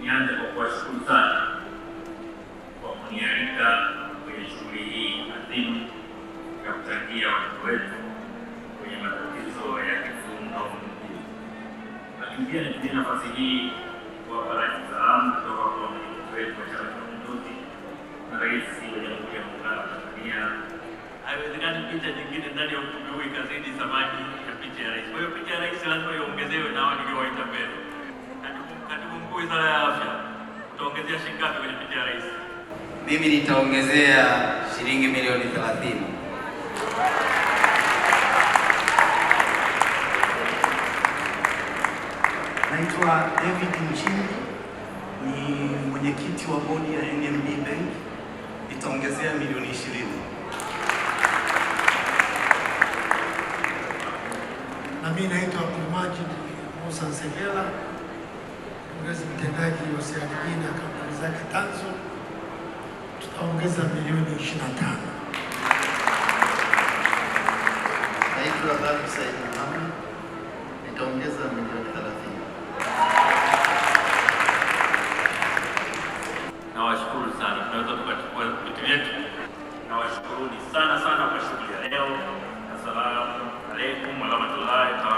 Nianze kwa kuwashukuru sana kwa kunialika kwenye shughuli hii adhimu ya kuchangia watu wetu kwenye matatizo ya kifumu au lakini pia nitumie nafasi hii kuwapa rais salamu kutoka kwa mwenyekiti wetu wa Chama cha Mapinduzi na rais wa Jamhuri ya Muungano wa Tanzania haiwezekani picha nyingine ndani ya ukumbi huu ikazidi thamani ya picha ya rais. Kwa hiyo picha ya rais lazima iongezewe niliowaita mbele. Katibu mkuu wizara ya afya, utaongezea shilingi ngapi kwenye picha ya rais? Mimi nitaongezea shilingi milioni 30. Naitwa David Nchimbi, ni mwenyekiti wa bodi ya NMB Bank, nitaongezea milioni 20. vinaitwa Abdulmajid Musa Nsekela, mkurugenzi mtendaji wa CRDB na kampuni zake tanzu, tutaongeza milioni 25. Naitwa Ghalib Said Mohamed, nitaongeza milioni 30. Nawashukuru sana, tunaweza tukachukua vitu vyetu. Nawashukuruni sana sana kwa shughuli ya leo. Assalamu alaikum warahmatullahi